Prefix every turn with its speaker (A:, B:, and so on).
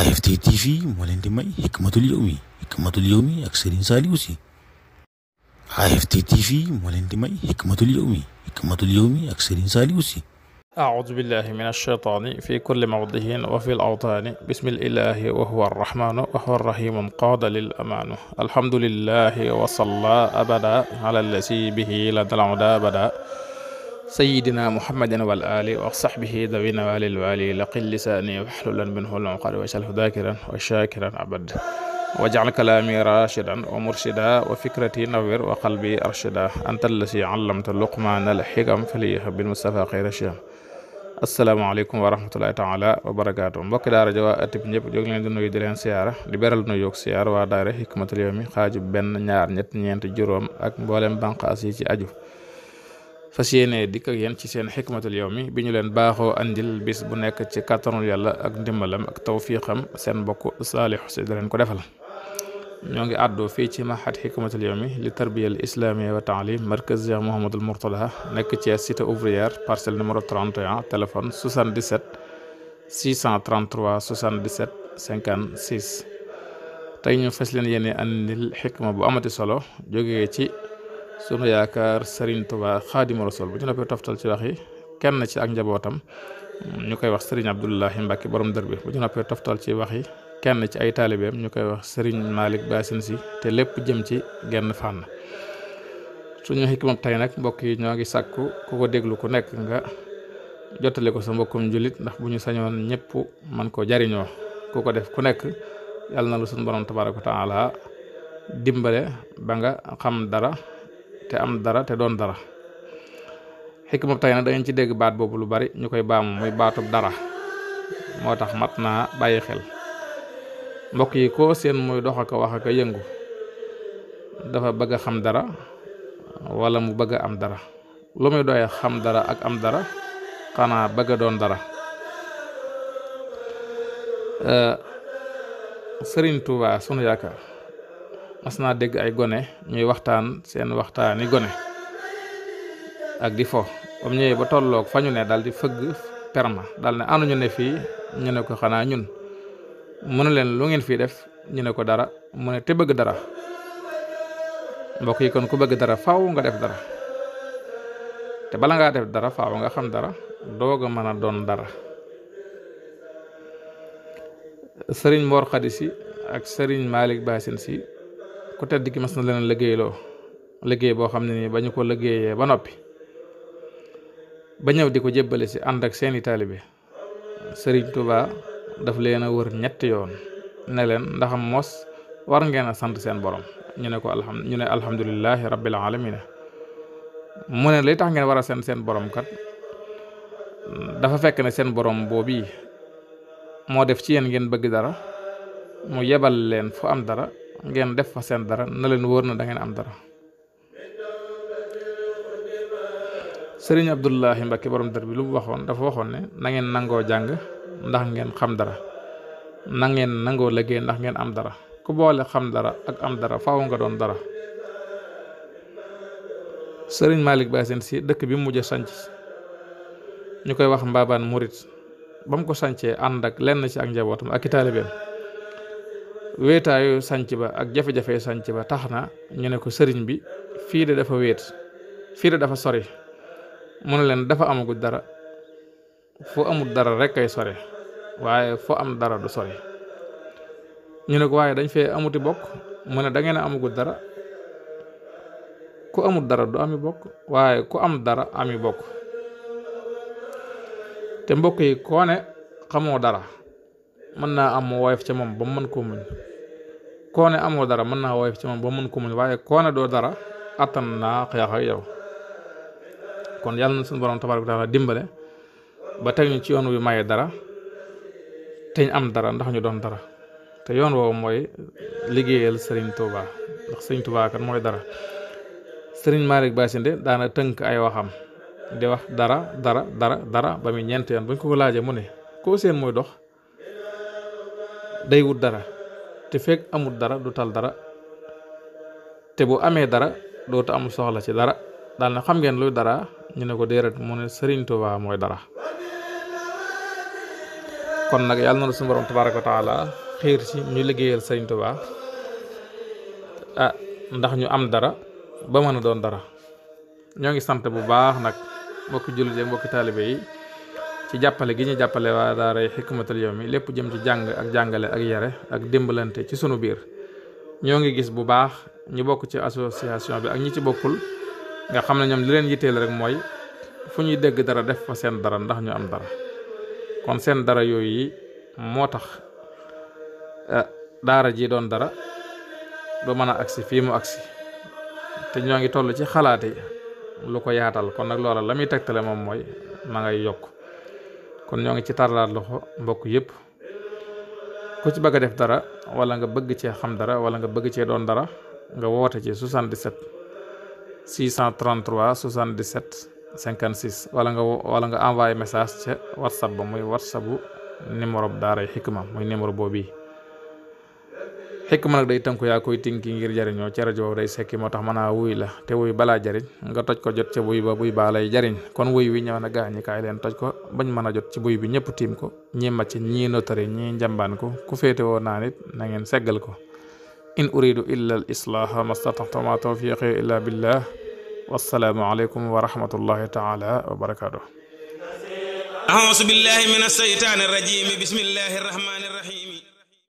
A: AFT TV moo leen di may Hikmatul Yawmi Hikmatul Yawmi ak Serigne Saliou Sy AFT TV moo leen di may Hikmatul Yawmi Hikmatul Yawmi ak Serigne Saliou Sy أعوذ بالله من الشيطان في كل موضع وفي الأوطان بسم الله وهو الرحمن وهو الرحيم قاد للأمان الحمد لله وصلى أبدا على الذي به لدى العدا بدا sayidina muhammadin wal ali wa sahbihi dawina walil wali laqil lisaani waxlulan minhu lonqari waj'alhu dakiran wa shakiran abad waj'al kalaami rashidan wa murshida wa fikrati nawwir wa qalbi arshida anta allasi allamta luqmaana al xikam faliha bil mustafa xayra sham asalaamaaleykum wa rahmatullahi taala wa barakaatu mbokki daara ja waa atib ñëpp jóg leen di nuyu di leen siyaara di beral nuyu ak siyaara waa daara Hikmatul Yawmi xaaju benn ñaar ñett ñeent juróom ak mboolem banqaas yi ci aju fas yéene dikk ak yéen ci seen xikmatul yawmi bi ñu leen baaxoo andil bis bu nekk ci kàttanul yàlla ak ndimbalam ak tawfiqam seen mbokk Saliou Sy da leen ko defal ñoo ngi àddoo fii ci mahad xikmatul mi li tarbiyal islamiyya wa taalim markaz Cheikh Mouhamadul Mourtada nekk ci cité ouvrière parcelle numéro 31 téléphone 77 633 77 56 tey ñu fas leen yéene andil xikma bu amati solo jógee ci sunu yaakaar Serigne Touba Xaadimu Rasuul bu ci noppee toftal ci wax yi kenn ci ak njabootam ñu koy wax Serigne Abdoulahi mbakki borom dër bi bu ci noppee toftal ci wax yi kenn ci ay taalibeem ñu koy wax Serigne Malick Bassine si te lépp jëm ci genn fànn suñu xikmab tey nag mbokk yi ñoo ngi sàkku ku ko déglu ku nekk nga jottale ko sa mbokkum jullit ndax bu ñu sañoon ñëpp man koo jariñoo ku ko def ku nekk yàlla na lu suñu borom tabaaraka wa taala dimbale ba nga xam dara te am dara te doon dara xikma tey nag da ngeen ci dégg baat boobu lu bari ñu koy baamu muy baatub dara moo tax mat naa bàyyi xel mbokk yi ko seen muy dox ak wax ak yëngu dafa bëgg a xam dara wala mu bëgg a am dara lu muy doy xam dara ak am dara xanaa bëgg a doon dara euh, Sëriñ Tuubaa sunu yaakaar mas naa dégg ay gone ñuy waxtaan seen waxtaani gone ak di fo ba mu ñëwee ba tolloog fa ñu ne daal di fëgg perma daal ne ànduñu ne fii ñu ne ko xanaa ñun mu ne leen lu ngeen fii def ñu ne ko dara mu ne te bëgg dara mbokk yi kon ku bëgg dara faw nga def dara te bala ngaa def dara faw nga xam dara doog a mën doon dara sëriñ Mor Khady Sy ak sëriñ Malick Bassine si ku tedd ki mas na leen liggéeyloo liggéey boo xam ne nii ba ñu ko liggéeyee ba noppi ba ñëw di ko jébbale si ànd ak seeni taalibe Sëriñ Tuubaa daf leen a wër ñetti yoon ne leen ndaxam mos war ngeen a sant seen borom ñu ne ko alham ñu ne alhamdulilahi rabbil alamina mu ne li tax ngeen war a sant seen boroom kat dafa fekk ne seen borom boobu moo def ci yéen ngeen bëgg dara mu yebal leen fu am dara ngeen def fa seen dara na leen wóor na da ngeen am dara sëriñ Abdullahi Mbacke borom dër bi lu mu waxoon dafa waxoon ne na ngeen nangoo jàng ndax ngeen xam dara na ngeen nangoo liggéey ndax ngeen am dara ku boole xam dara ak am dara faw nga doon dara sëriñ Malick Baye seen si dëkk bi mu mujj a sanc ñu koy wax mbaabaan murit ba mu ko sancee ànd ak lenn ci ak njabootam ak i taalibeem wéetaayu sanc ba ak jafe-jafe sanc ba tax na ñu ne ko sëriñ bi fii de dafa wéet fii de dafa sori mu ne leen dafa amagut dara foo amul dara rek ay sori waaye foo am dara du sori ñu ne ko waaye dañ fee amuti bokk mu ne da ngeen a dara ku amul dara du ami bokk waaye ku am dara ami bokk te mbokk yi koone xamoo dara mën naa am mu woyof ci moom ba mu mën koo muñ koo ne amoo dara mën naa woyof ci moom ba mu mën koo muñ waaye koo ne doo dara attan naa xeex ak yow kon yàlla na suñu borom tabaaraka taala dimbale ba teg ñu ci yoon wi maye dara te am dara ndax ñu doon dara te yoon woowu mooy liggéeyal Serigne tuubaa ndax Serigne Touba kan mooy dara Serigne Malick Bassinde daana tënk ay waxam di wax dara dara dara dara ba muy ñeent yoon bu ñu ko laajee mu ne koo seen mooy dox. day wut dara te fekk amul dara du tal dara te bu amee dara dootu am soxla ci dara daal na xam ngeen luy dara ñu ne ko déerat mu ne Sëriñ Tuubaa mooy dara kon nag yàlla na suñu borom tabaaraka wa taala xiir ci ñu liggéeyal Sëriñ Tuubaa ah ndax ñu am dara ba mën a doon dara ñoo ngi sant bu baax nag mbokki jullit yi mbokki taalibe yi ci jàppale gi ñu jàppale waa daaray xikmatul yawmi lépp jëm ci jàng ak jàngale ak yare ak dimbalante ci sunu biir ñoo ngi gis bu baax ñi bokk ci association bi ak ñi ci bokkul nga xam ne ñoom li leen yitteel rek mooy fu ñuy dégg dara def fa seen dara ndax ñu am dara kon seen dara yooyu yi moo tax eh, daara ji doon dara du mën a agsi fii mu agsi te ñoo ngi toll ci xalaat yi lu ko yaatal kon nag loola la muy tegtale moom mooy na ngay yokk kon ñoo ngi ci tàllaat loxo mbokk yépp ku ci bëgg a def dara wala nga bëgg cee xam dara wala nga bëgg cee doon dara nga woote ci 77 633 77 56 wala nga wala nga envoyé message ca whatsapp ba muy whatsapp bu numéro bu daaray xikma muy numéro boobu xikma nag day tënku yaa koy tinki ngir jariñoo ca rajo day sekki moo tax mën a wuy la te wuy balaa jariñ nga toj ko jot ca buy ba buy baa lay jariñ kon wuy wi ñëw na gaañi kaay leen toj ko bañ mën a jot ci buy bi ñëpp tiim ko ñi màcc ñii notari ñii njambaan ko ku féete woo naa nit na ngeen seggal ko in uridu illa al islaaha mastataxtu ma tawfiqi illa billah wassalaamu aleykum wa rahmatullahi taala wa barakaatuh
B: auzu billahi min asheytaani rajim